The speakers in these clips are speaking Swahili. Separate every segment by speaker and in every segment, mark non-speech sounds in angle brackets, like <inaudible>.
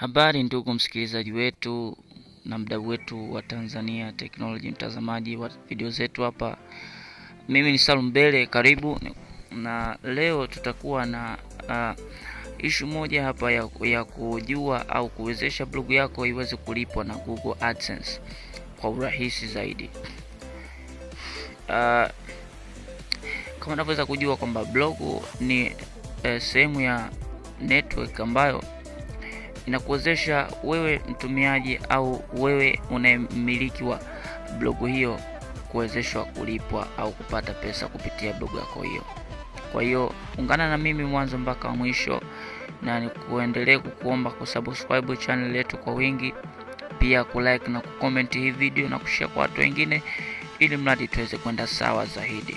Speaker 1: Habari ndugu msikilizaji wetu na mdau wetu wa Tanzania Technology, mtazamaji wa video zetu hapa. Mimi ni Salum Bele, karibu na leo tutakuwa na uh, ishu moja hapa ya, ya kujua au kuwezesha blogu yako iweze kulipwa na Google AdSense kwa urahisi zaidi. Uh, kama unavyoweza kujua kwamba blogu ni uh, sehemu ya network ambayo inakuwezesha wewe mtumiaji au wewe unayemiliki wa blogu hiyo kuwezeshwa kulipwa au kupata pesa kupitia blogu yako hiyo. Kwa hiyo ungana na mimi mwanzo mpaka mwisho, na nikuendelee kukuomba kusubscribe channel yetu kwa wingi, pia kulike na kucomment hii video na kushare kwa watu wengine, ili mradi tuweze kwenda sawa zaidi.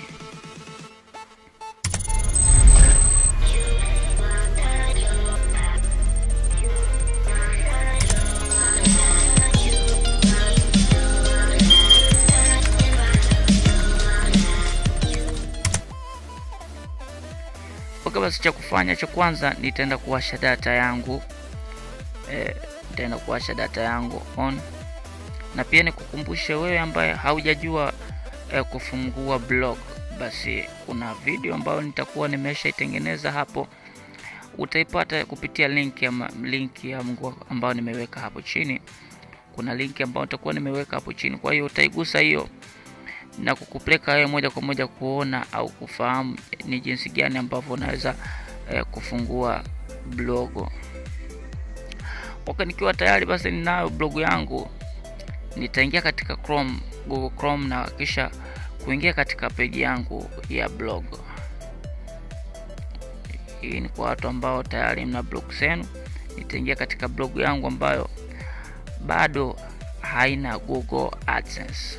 Speaker 1: ambacho cha kufanya cha kwanza nitaenda kuwasha data yangu e, nitaenda kuwasha data yangu on na pia nikukumbushe wewe ambaye haujajua e, kufungua blog basi kuna video ambayo nitakuwa nimeshaitengeneza hapo utaipata kupitia linki ya, linki yangu ambayo nimeweka hapo chini kuna linki ambayo nitakuwa nimeweka hapo chini kwa hiyo utaigusa hiyo na kukupeleka wewe moja kwa moja kuona au kufahamu eh, ni jinsi gani ambavyo unaweza eh, kufungua blogo. Okay, nikiwa tayari basi ninayo blogo yangu, nitaingia katika Chrome, Google Chrome na kisha kuingia katika peji yangu ya blog. Hii ni kwa watu ambao tayari mna blog zenu. Nitaingia katika blogu yangu ambayo bado haina Google AdSense.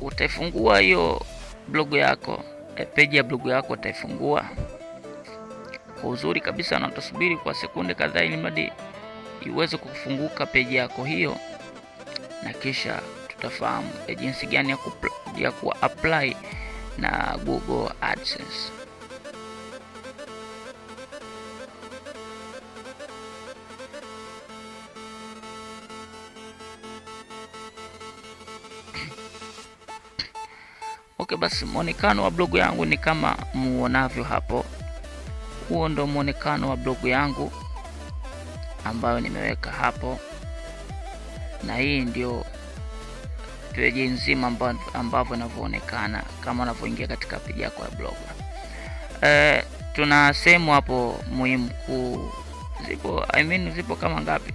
Speaker 1: utaifungua hiyo blogu yako eh, e, peji ya blogu yako utaifungua kwa uzuri kabisa, na utasubiri kwa sekunde kadhaa ili madi iweze kufunguka peji yako hiyo, na kisha tutafahamu e, jinsi gani ya, kupla, ya kuapply na Google AdSense. Okay, basi mwonekano wa blogu yangu ni kama muonavyo hapo. Huo ndo mwonekano wa blogu yangu ambayo nimeweka hapo, na hii ndio peji nzima ambavyo inavyoonekana kama unavyoingia katika peji yako ya blog. Eh, tuna sehemu hapo muhimu kuu zipo, I mean, zipo kama ngapi?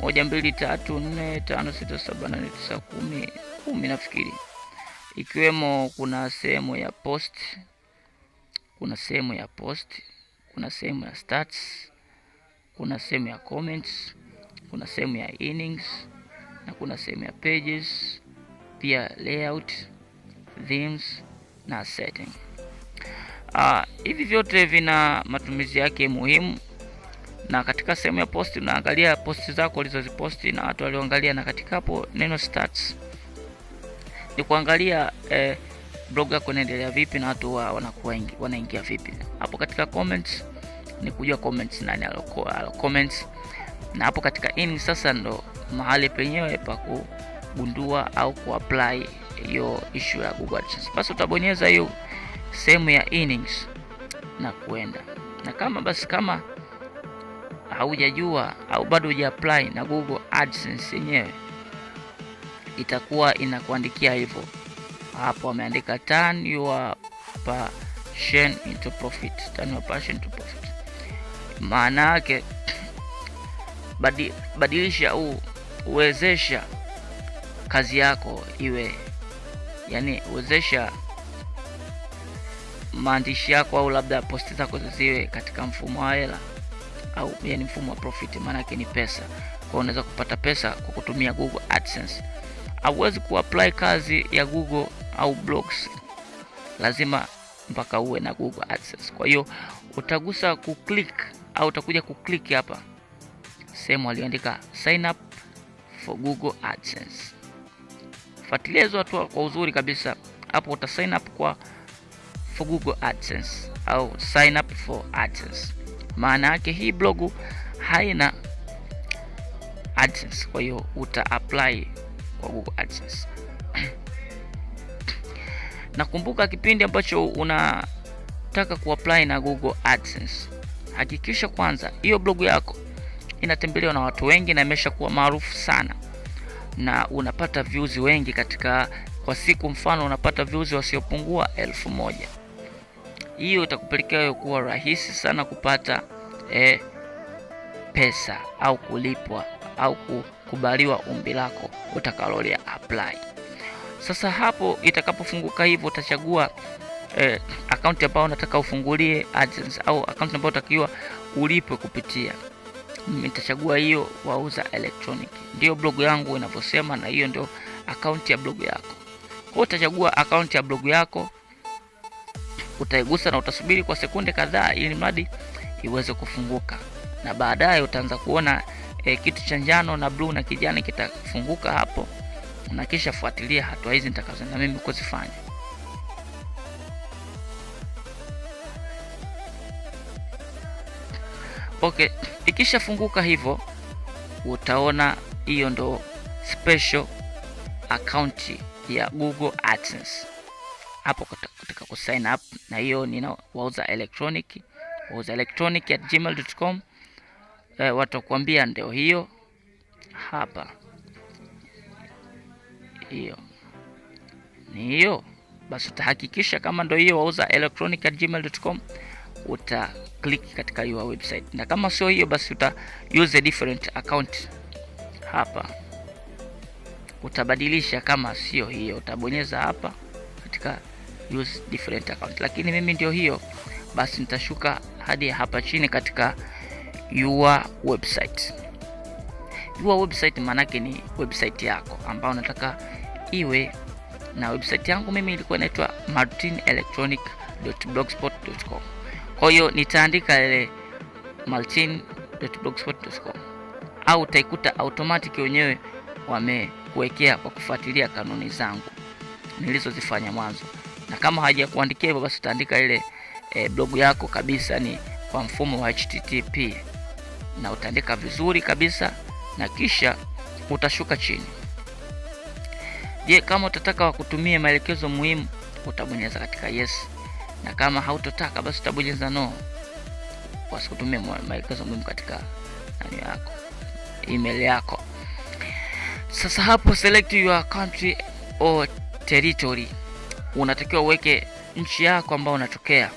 Speaker 1: Moja, mbili, tatu, nne, tano, sita, saba, nane, tisa, kumi, kumi nafikiri ikiwemo kuna sehemu ya post, kuna sehemu ya post, kuna sehemu ya stats, kuna sehemu ya comments, kuna sehemu ya innings na kuna sehemu ya pages, pia layout, themes na setting. Ah, hivi vyote vina matumizi yake muhimu na katika sehemu ya posti unaangalia posti zako ulizoziposti na watu walioangalia, na katika hapo neno stats ni kuangalia eh, blog yako inaendelea vipi na watu wanakuwa wanaingia vipi hapo katika comments ni kujua comments nani alo comments na hapo katika in sasa ndo mahali penyewe pa kugundua au kuapply hiyo issue ya Google AdSense. Basi utabonyeza hiyo sehemu ya innings na kuenda, na kama basi kama haujajua au bado hujaapply na Google AdSense yenyewe itakuwa inakuandikia hivyo hapo. Ameandika turn your passion into profit, turn your passion into profit. Maana yake <clears throat> badi, badilisha u uwezesha kazi yako iwe, yani uwezesha maandishi yako au labda posti zako ziwe katika mfumo wa hela au yani mfumo wa profit, maana yake ni pesa. Kwa unaweza kupata pesa kwa kutumia Google AdSense hauwezi kuapply kazi ya Google au blogs, lazima mpaka uwe na Google AdSense. Kwa hiyo utagusa kuclick au utakuja kuclick hapa sehemu aliandika sign up for Google AdSense. Fuatilia hizo hatua kwa uzuri kabisa, hapo uta sign up kwa for Google AdSense au sign up for AdSense. Maana yake hii blogu haina AdSense, kwa hiyo uta apply kwa Google AdSense. <clears throat> Nakumbuka kipindi ambacho unataka kuapply na Google AdSense, hakikisha kwanza hiyo blogu yako inatembelewa na watu wengi na imeshakuwa maarufu sana na unapata views wengi katika kwa siku, mfano unapata views wasiopungua elfu moja. Hiyo itakupelekea wewe kuwa rahisi sana kupata eh, pesa au kulipwa au ku kubaliwa ombi lako utakalolia apply. Sasa hapo itakapofunguka hivyo utachagua eh, akaunti ambayo unataka ufungulie agents, au akaunti ambayo utakiwa ulipwe kupitia. Mm, nitachagua hiyo Wauza Electronic, ndio blogu yangu inavyosema, na hiyo ndio akaunti ya blogu yako. Kwa hiyo utachagua akaunti ya blogu yako, utaigusa na utasubiri kwa sekunde kadhaa, ili mradi iweze kufunguka, na baadaye utaanza kuona e, kiti cha njano na bluu na kijani kitafunguka hapo, na kisha fuatilia hatua hizi nitakazoenda mimi kuzifanya. Okay, ikishafunguka hivyo utaona hiyo ndo special account ya Google AdSense. Hapo katika sign up, na hiyo wauza electronic wauza electronic at gmail.com e, eh, watakuambia ndio hiyo hapa, hiyo ni hiyo basi. Utahakikisha kama ndio hiyo wauza electronic@gmail.com, uta click katika your website, na kama sio hiyo, basi uta use a different account hapa utabadilisha kama sio hiyo, utabonyeza hapa katika use different account. Lakini mimi ndio hiyo, basi nitashuka hadi hapa chini katika your website. Your website maanake ni website yako ambayo unataka iwe na website yangu mimi ilikuwa inaitwa martinelectronic.blogspot.com. Kwa hiyo nitaandika ile martin.blogspot.com au utaikuta automatic wenyewe wamekuwekea kwa kufuatilia kanuni zangu nilizozifanya mwanzo, na kama hajakuandikia hivyo, basi utaandika ile e, blogu yako kabisa ni kwa mfumo wa HTTP na utandika vizuri kabisa na kisha utashuka chini. Je, kama utataka wakutumie maelekezo muhimu utabonyeza katika yes, na kama hautotaka basi utabonyeza no, wasikutumie maelekezo muhimu katika nani yako email yako. Sasa hapo select your country or territory, unatakiwa uweke nchi yako ambayo unatokea.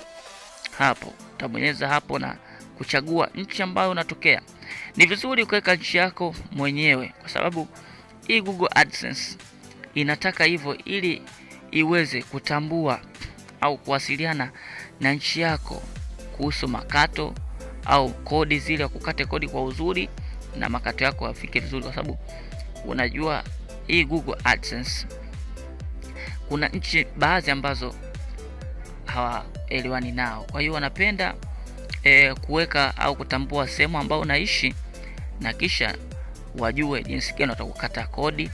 Speaker 1: Hapo utabonyeza hapo na kuchagua nchi ambayo unatokea, ni vizuri kuweka nchi yako mwenyewe, kwa sababu hii Google AdSense inataka hivyo ili iweze kutambua au kuwasiliana na nchi yako kuhusu makato au kodi zile, kukate kodi kwa uzuri na makato yako afike vizuri, kwa sababu unajua hii Google AdSense kuna nchi baadhi ambazo hawaelewani nao, kwa hiyo wanapenda e, kuweka au kutambua sehemu ambayo unaishi na kisha wajue jinsi gani watakukata kodi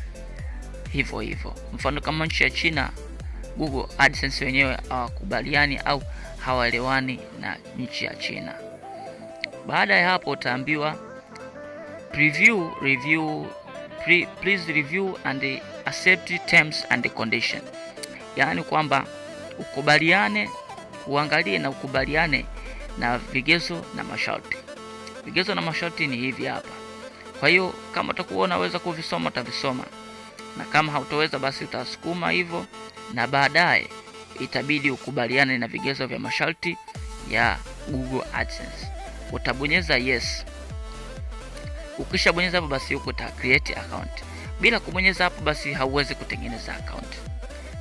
Speaker 1: hivyo hivyo. Mfano kama nchi ya China, Google AdSense wenyewe hawakubaliani au hawaelewani na nchi ya China. Baada ya hapo utaambiwa preview review pre, please review and accept terms and condition, yaani kwamba ukubaliane, uangalie na ukubaliane na vigezo na masharti. Vigezo na masharti ni hivi hapa. Kwa hiyo kama utakuwa unaweza kuvisoma utavisoma, na kama hautoweza basi utasukuma hivyo, na baadaye itabidi ukubaliane na vigezo vya masharti ya Google AdSense. Utabonyeza yes. Ukishabonyeza hapo, basi huko ta create account. Bila kubonyeza hapo, basi hauwezi kutengeneza account.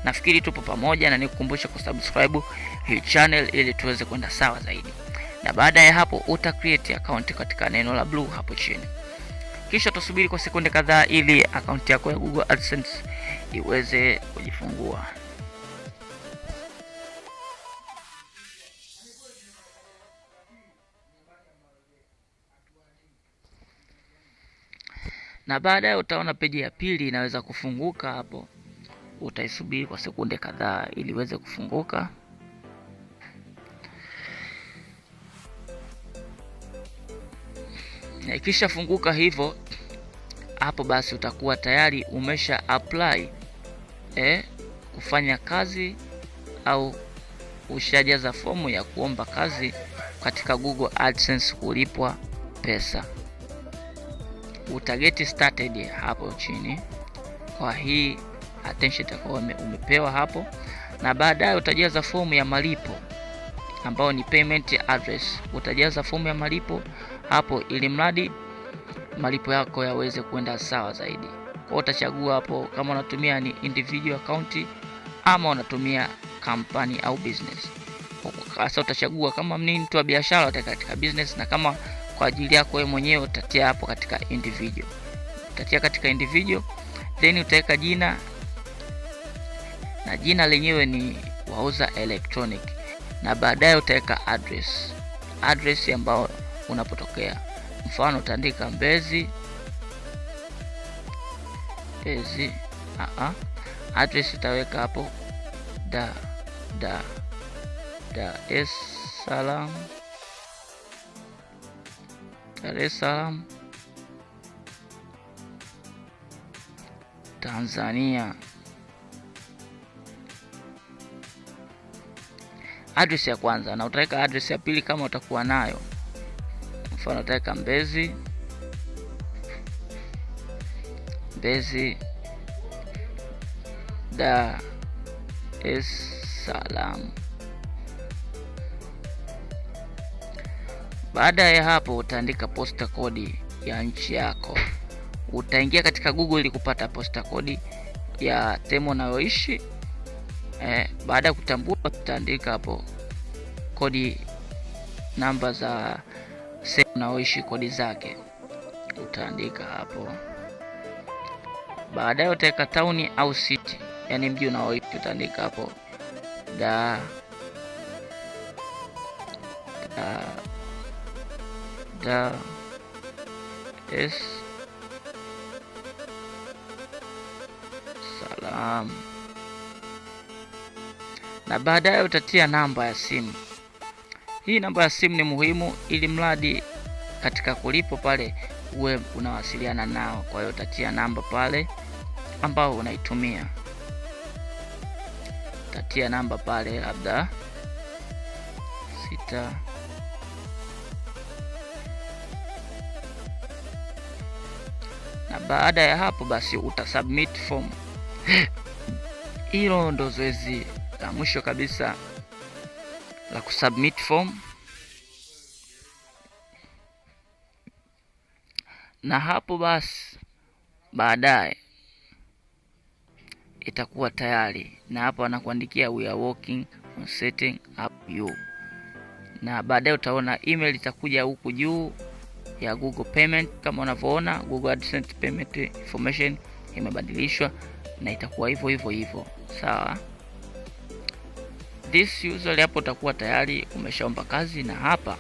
Speaker 1: Nafikiri tupo pamoja, na nikukumbusha kusubscribe hii channel ili tuweze kwenda sawa zaidi na baada ya hapo uta create account katika neno la blue hapo chini, kisha utasubiri kwa sekunde kadhaa ili akaunti yako ya Google AdSense iweze kujifungua. na baadaye utaona peji ya pili inaweza kufunguka hapo. Utaisubiri kwa sekunde kadhaa ili iweze kufunguka. ikishafunguka hivyo hapo basi utakuwa tayari umesha apply eh, kufanya kazi au ushajaza fomu ya kuomba kazi katika Google AdSense kulipwa pesa. Utageti started hapo chini kwa hii attention itakuwa umepewa hapo, na baadaye utajaza fomu ya malipo ambayo ni payment address. Utajaza fomu ya malipo hapo, ili mradi malipo yako yaweze kwenda sawa zaidi. Kwa utachagua hapo kama unatumia ni individual account ama unatumia company au business. Sasa utachagua kama ni mtu wa biashara utaweka katika business, na kama kwa ajili yako wewe mwenyewe utatia hapo katika individual. Utatia katika individual, then utaweka jina na jina lenyewe ni Wauza Electronic na baadaye utaweka address, address ambayo unapotokea. Mfano utaandika Mbezi, Mbezi a address utaweka hapo da da da es salam Dar es Salaam Tanzania. address ya kwanza na utaweka address ya pili kama utakuwa nayo mfano utaweka mbezi mbezi da es salam Baada ya hapo, utaandika posta kodi ya nchi yako. Utaingia katika Google ili kupata posta kodi ya temo unayoishi eh, baada ya kutambua tutaandika hapo kodi namba za sehemu unaoishi kodi zake utaandika hapo. Baadaye utaweka tauni au city, yani mji unaoishi utaandika hapo da, da, da es Salam na baadaye utatia namba ya simu. Hii namba ya simu ni muhimu, ili mradi katika kulipo pale uwe unawasiliana nao. Kwa hiyo utatia namba pale ambao unaitumia, utatia namba pale labda sita na baada ya hapo basi utasubmit form. Hilo ndo zoezi la mwisho kabisa la kusubmit form, na hapo basi baadaye itakuwa tayari, na hapo anakuandikia we are working on setting up you, na baadaye utaona email itakuja huku juu ya Google Payment. Kama unavyoona Google AdSense Payment Information imebadilishwa na itakuwa hivyo hivyo hivyo, sawa. so, this usually hapo utakuwa tayari umeshaomba kazi na hapa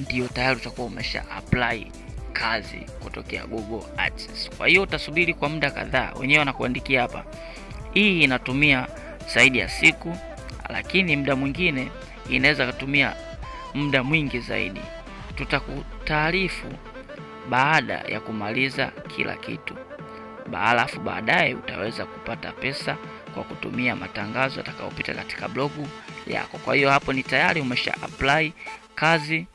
Speaker 1: ndio tayari utakuwa umesha apply kazi kutokea Google AdSense. Kwa hiyo utasubiri kwa muda kadhaa, wenyewe wanakuandikia hapa. Hii inatumia zaidi ya siku, lakini muda mwingine inaweza kutumia muda mwingi zaidi. Tutakutaarifu baada ya kumaliza kila kitu, alafu baadaye utaweza kupata pesa kwa kutumia matangazo yatakayopita katika blogu yako. Kwa hiyo hapo ni tayari umesha apply kazi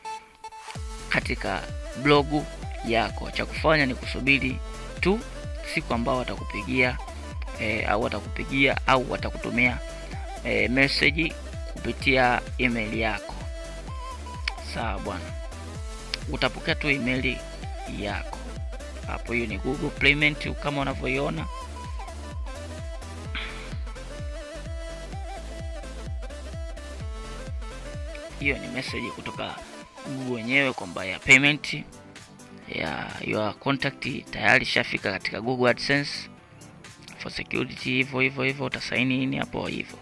Speaker 1: katika blogu yako. Cha kufanya ni kusubiri tu siku ambao watakupigia e, au watakupigia au watakutumia e, message kupitia email yako. Sawa bwana, utapokea tu email yako hapo. Hiyo ni Google Payment kama unavyoiona. hiyo ni message kutoka Google wenyewe kwamba ya payment ya your contact tayari shafika katika Google AdSense for security, hivyo hivyo hivyo, utasaini ini hapo hivyo.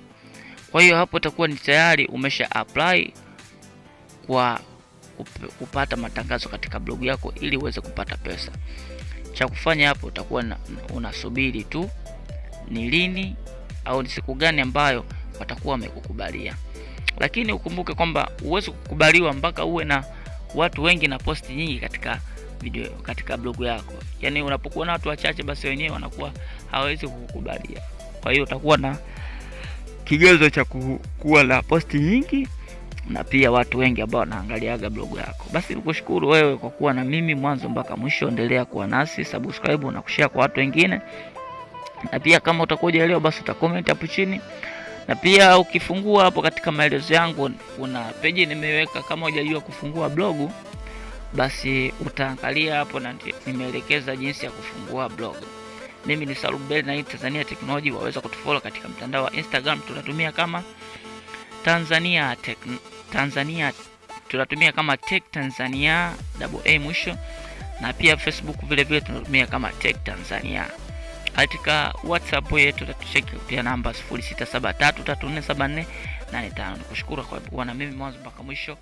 Speaker 1: Kwa hiyo hapo utakuwa ni tayari umesha apply kwa kupata matangazo katika blogu yako ili uweze kupata pesa. Cha kufanya hapo utakuwa unasubiri tu ni lini au ni siku gani ambayo watakuwa wamekukubalia lakini ukumbuke kwamba huwezi kukubaliwa mpaka uwe na watu wengi na posti nyingi katika video, katika blogu yako. Yani unapokuwa na watu wachache, basi wenyewe wanakuwa hawawezi kukubalia. Kwa hiyo utakuwa na kigezo cha kuwa na posti nyingi na pia watu wengi ambao wanaangaliaga blogu yako. Basi nikushukuru wewe kwa kuwa na mimi mwanzo mpaka mwisho. Endelea kuwa nasi, subscribe na kushare kwa watu wengine, na pia kama utakuja basi basi utakomenti hapo chini na pia ukifungua hapo katika maelezo yangu kuna peji nimeweka, kama hujajua kufungua blogu, basi utaangalia hapo, na nimeelekeza jinsi ya kufungua blogu. Mimi ni Salum Bell na hii Tanzania Technology, waweza kutufollow katika mtandao wa Instagram, tunatumia kama Tanzania Tech, Tanzania tunatumia kama Tech Tanzania double A mwisho, na pia Facebook vile vile tunatumia kama Tech Tanzania katika WhatsApp yetu tatucheki kupitia namba 0673347485. Nikushukuru kwa kuwa na mimi mwanzo mpaka mwisho.